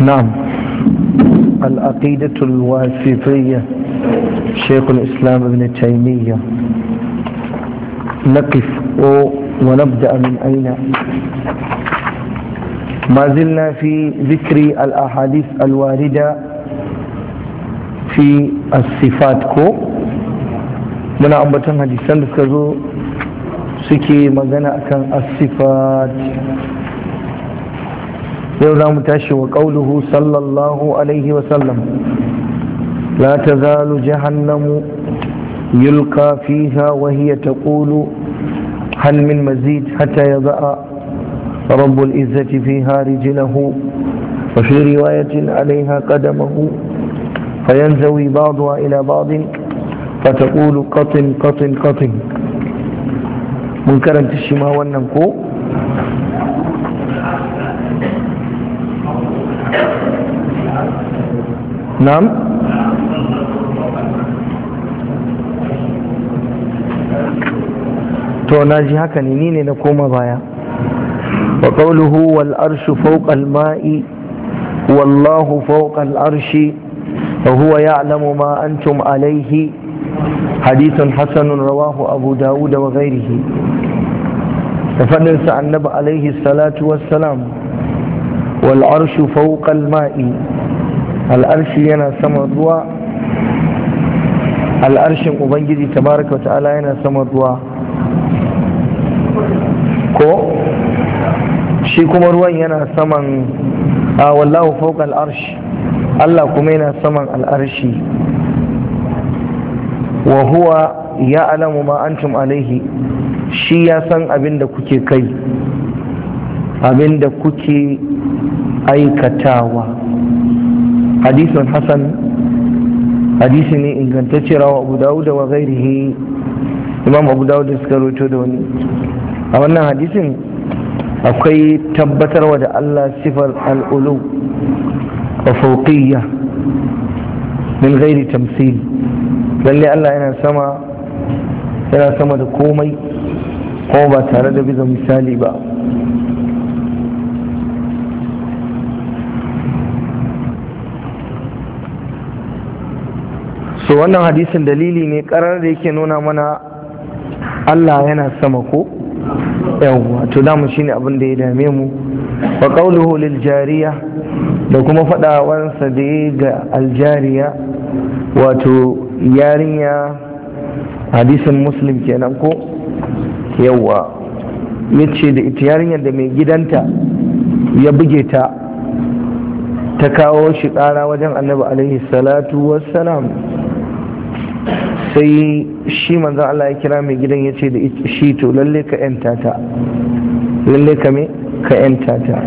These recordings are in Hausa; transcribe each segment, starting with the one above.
نعم العقيدة الواسطية شيخ الإسلام ابن تيمية نقف ونبدأ من أين ما زلنا في ذكر الأحاديث الواردة في الصفات كو من أمبتن هذه السنة سكي zo كان الصفات akan زيرا متعش وقوله صلى الله عليه وسلم لا تزال جهنم يلقى فيها وهي تقول هل من مزيد حتى يضع رب العزة فيها رجله وفي رواية عليها قدمه فينزوي بعضها إلى بعض فتقول قطن قطن قطن منكرا تشما ونمكو na'am to na ji haka ne ni ne na koma baya wa qawluhu wal arshu fawqa ma'i wallahu fawqa al arshi wa huwa ya'lamu ma antum alayhi hadithun hasanun rawahu abu daud da fadin sa annabi alayhi salatu wal ma'i al'arshi yana saman ruwa al'arshin ubangiji tabaraka ta'ala yana saman ruwa ko shi kuma ruwan yana saman a wallahu fawqa al'arshi Allah kuma yana saman al'arshi wa huwa ya alamu ma antum alaihi shi ya san abin da kuke kai abin da kuke aikatawa hadisun Hassan, hadisi ne ingantacce rawa abu dawud wa ghairihi imam abu dawud suka roto da wani a wannan hadisin akwai tabbatarwa da allah sifar al'ulu wa fauqiyya min ghairi tamsil lalle allah yana sama yana sama da komai ko ba tare da bizan misali ba so wannan hadisin dalili ne karar da yake nuna mana Allah yana sama ko yawwa to damu shine abin da ya dame mu wa qawluhu lil jariya da kuma wansa da ya ga aljariya wato yarinya hadisin muslim kenan ko yawwa yace da ita yarinyar da mai gidanta ya buge ta ta kawo shi kara wajen annabi alaihi salatu wassalam sai shi manzan Allah ya kira mai gidan ya ce da shi to lalle ka yanta ta lalle ka me ka yanta ta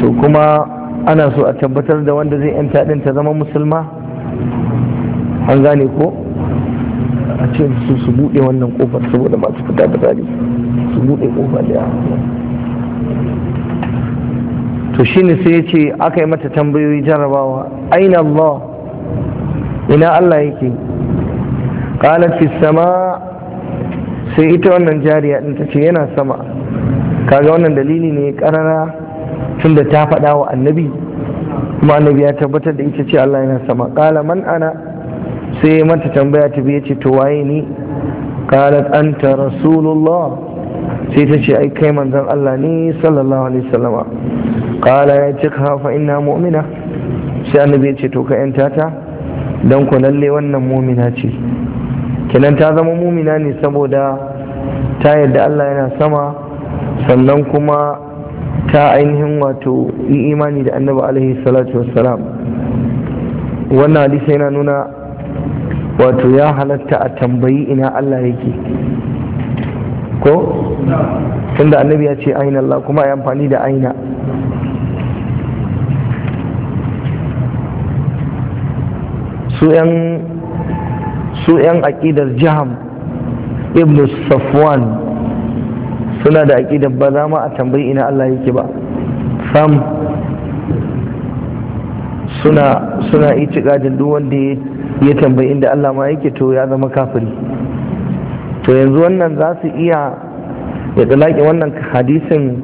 to kuma ana so a tabbatar da wanda zai yanta din ta zama musulma an gane ko a ce su su bude wannan kofar saboda masu fita da zari su bude kofa da to shine sai ya ce aka yi mata tambayoyi jarabawa aina Allah ina Allah yake qalat fi sama sai ita wannan jariya din tace yana sama kaga wannan dalili ne karara tunda ta faɗa wa annabi kuma annabi ya tabbatar da ita ce Allah yana sama qala man ana sai mata tambaya ta biye ce to waye ni qalat anta rasulullah sai ta ce ai kai manzon Allah ne sallallahu alaihi wasallama qala ya ce tikha fa inna mu'mina sai annabi ya ce to ka yanta ta dan ku lalle wannan mu'mina ce kenan ta zama mumina ne saboda ta yadda Allah yana sama sannan kuma ta ainihin wato yi imani da annabi alaihi salatu wassalam wannan hadisi yana nuna wato ya halatta a tambayi ina Allah yake ko tunda annabi ya ce aina Allah kuma ya amfani da aina su 'yan su 'yan aƙidar jihar ibn safwan suna da aƙidar ba za ma a tambayi ina Allah yake ba sam suna suna itikadin duk wanda ya tambayi inda Allah ma yake to ya zama kafiri to yanzu wannan za su iya ya tsalaƙi wannan hadisin